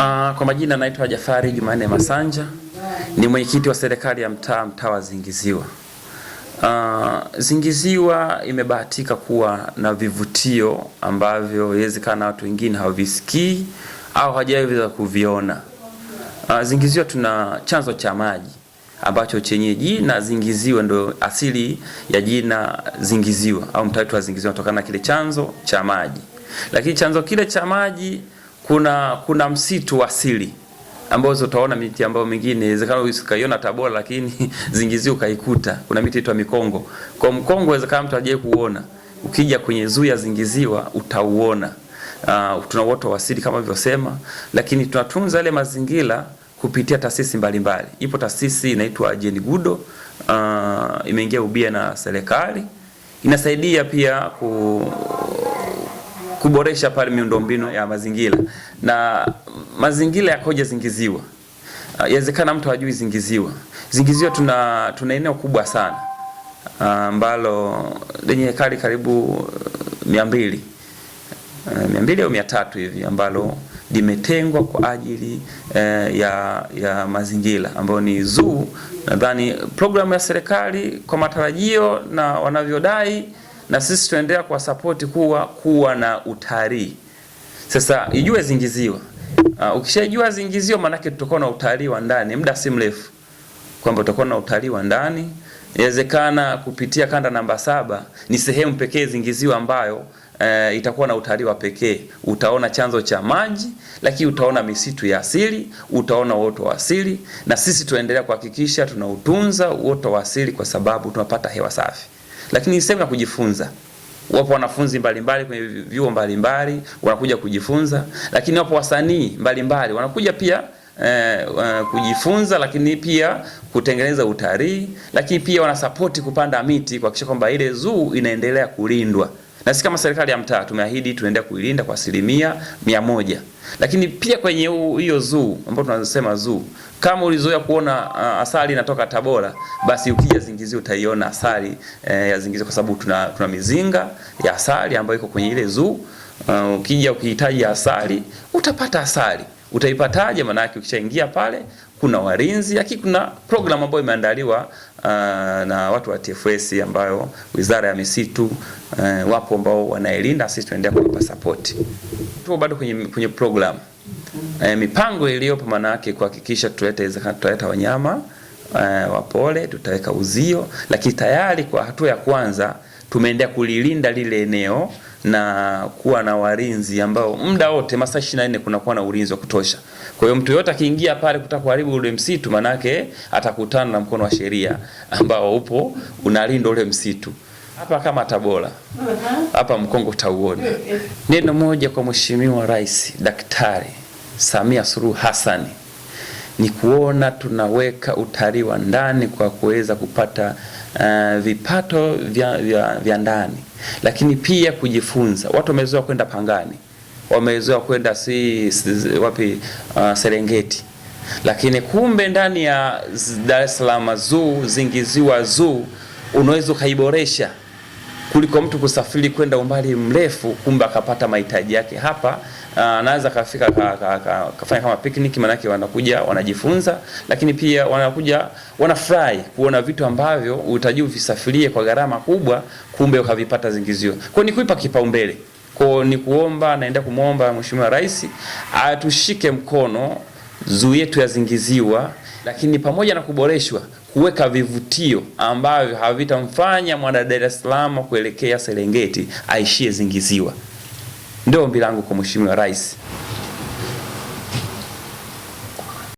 Uh, kwa majina naitwa Jafari Jumanne Masanja ni mwenyekiti wa serikali ya mtaa mtaa wa Zingiziwa. Uh, Zingiziwa imebahatika kuwa na vivutio ambavyo inawezekana watu wengine hawavisikii au hawajaweza kuviona. Uh, Zingiziwa tuna chanzo cha maji ambacho chenye jina Zingiziwa ndo asili ya jina Zingiziwa au mtaa wa Zingiziwa kutokana na kile chanzo cha maji, lakini chanzo kile cha maji kuna kuna msitu asili ambazo utaona miti ambayo mingine inawezekana usikaiona Tabora, lakini zingizio ukaikuta. Kuna miti inaitwa mikongo. Kwa mkongo inawezekana mtu ajaye kuona, ukija kwenye zuu ya zingiziwa utauona. Uh, tuna uoto wa asili kama nilivyosema, lakini tunatunza yale mazingira kupitia taasisi mbalimbali. Ipo taasisi inaitwa Jane Gudo, uh, imeingia ubia na serikali, inasaidia pia ku kuboresha pale miundombinu ya mazingira na mazingira yakoje Zingiziwa? Yawezekana mtu hajui Zingiziwa. Zingiziwa tuna tuna eneo kubwa sana ambalo lenye hekari karibu uh, mia mbili uh, mia mbili au mia tatu hivi ambalo limetengwa kwa ajili eh, ya, ya mazingira ambayo ni zoo. Nadhani programu ya serikali kwa matarajio na wanavyodai na sisi tunaendelea kwa support kuwa kuwa na utalii. Sasa ijue zingiziwa. Uh, ukishajua zingizio yake tutakuwa na utalii wa ndani muda si mrefu, kwamba tutakuwa na utalii wa ndani. Inawezekana kupitia kanda namba saba ni sehemu pekee zingizio ambayo Uh, itakuwa na utalii wa pekee. Utaona chanzo cha maji, lakini utaona misitu ya asili, utaona uoto wa asili, na sisi tuendelea kuhakikisha tunautunza uoto wa asili kwa sababu tunapata hewa safi. Lakini ni sehemu ya kujifunza. Wapo wanafunzi mbalimbali kwenye vyuo mbalimbali wanakuja kujifunza, lakini wapo wasanii mbalimbali wanakuja pia eh, kujifunza, lakini pia kutengeneza utalii, lakini pia wanasapoti kupanda miti kuhakikisha kwamba ile zoo inaendelea kulindwa na sisi kama serikali ya mtaa tumeahidi tunaendelea kuilinda kwa asilimia mia moja, lakini pia kwenye hiyo zoo ambayo tunasema zoo, kama ulizoea kuona uh, asali inatoka Tabora, basi ukija Zingizi utaiona asali eh, ya Zingizi kwa sababu tuna, tuna mizinga ya asali ambayo iko kwenye ile zoo. Uh, ukija ukihitaji asali utapata asali. Utaipataje? Maana yake ukishaingia pale kuna walinzi, lakini kuna program ambayo imeandaliwa uh, na watu wa TFS ambayo Wizara ya Misitu uh, wapo ambao wanailinda, sisi tunaendelea kuipa support. Tupo bado kwenye, kwenye program uh, mipango iliyopo maana yake kuhakikisha tutaweza tutaleta wanyama uh, wapole, tutaweka uzio, lakini tayari kwa hatua ya kwanza tumeendea kulilinda lile eneo na kuwa na walinzi ambao muda wote masaa 24 kunakuwa na ulinzi wa kutosha. Kwa hiyo mtu yoyote akiingia pale kutaka kuharibu ule msitu, manake atakutana na mkono wa sheria ambao upo unalinda ule msitu. Hapa kama Tabora uh-huh. hapa Mkongo tauona. Neno moja kwa Mheshimiwa Rais Daktari Samia Suluhu Hassan ni kuona tunaweka utalii wa ndani kwa kuweza kupata uh, vipato vya, vya, vya ndani, lakini pia kujifunza. Watu wamezoea kwenda Pangani, wamezoea kwenda si, si wapi uh, Serengeti, lakini kumbe ndani ya Dar es Salaam zoo Zingiziwa zoo unaweza ukaiboresha kuliko mtu kusafiri kwenda umbali mrefu, kumbe akapata mahitaji yake hapa. Ah, anaweza kafika ka, ka, ka, kafanya kama picnic, maanake wanakuja wanajifunza, lakini pia wanakuja wanafurahi kuona vitu ambavyo utajua visafirie kwa gharama kubwa, kumbe ukavipata zingizio. Kwa ni kuipa kipaumbele, kwa ni kuomba, naenda kumwomba Mheshimiwa Rais atushike mkono zuu yetu yazingiziwa, lakini pamoja na kuboreshwa, kuweka vivutio ambavyo havitamfanya mwana Dar es Salaam kuelekea Serengeti aishie Zingiziwa. Ndio ombi langu kwa Mheshimiwa Rais.